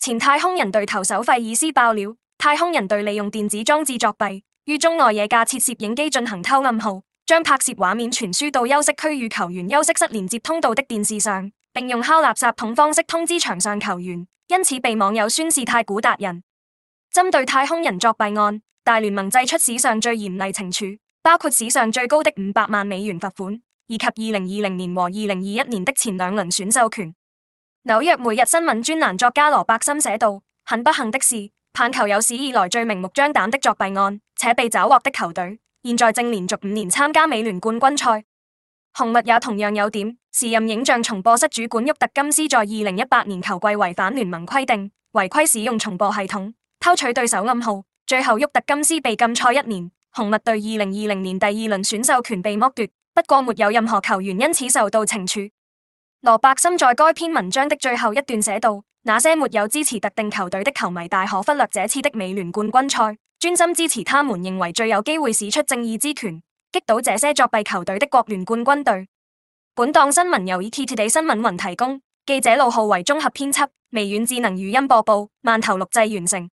前太空人隊投手費爾斯爆料。太空人隊利用電子裝置作弊，於中外野架設攝影機進行偷暗號，將拍攝畫面傳輸到休息區與球員休息室連接通道的電視上，並用敲垃圾桶方式通知場上球員，因此被網友宣示太古達人。針對太空人作弊案，大聯盟祭出史上最嚴厲懲處，包括史上最高的五百萬美元罰款，以及二零二零年和二零二一年的前兩輪選秀權。紐約每日新聞專欄作家羅伯森寫道：很不幸的是，棒球有史以來最明目張膽的作弊案，且被抓獲的球隊現在正連續五年參加美聯冠軍賽。紅襪也同樣有點。時任影像重播室主管沃特金斯在二零一八年球季違反聯盟規定，違規使用重播系統偷取對手暗號，最後沃特金斯被禁賽一年，紅襪隊二零二零年第二輪選秀權被剝奪。不過，沒有任何球員因此受到懲處。羅伯森在該篇文章的最後一段寫道：那些沒有支持特定球隊的球迷大可忽略這次的美聯冠軍賽，專心支持他們認為最有機會使出正義之拳，擊倒這些作弊球隊的國聯冠軍隊。本檔新聞由 ETtoday 新聞雲提供，記者路號為綜合編輯，微軟智能語音播報，萬頭錄製完成。